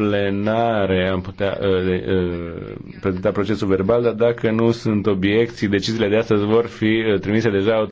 plenare am putea uh, uh, prezenta procesul verbal, dar dacă nu sunt obiecții, deciziile de astăzi vor fi uh, trimise deja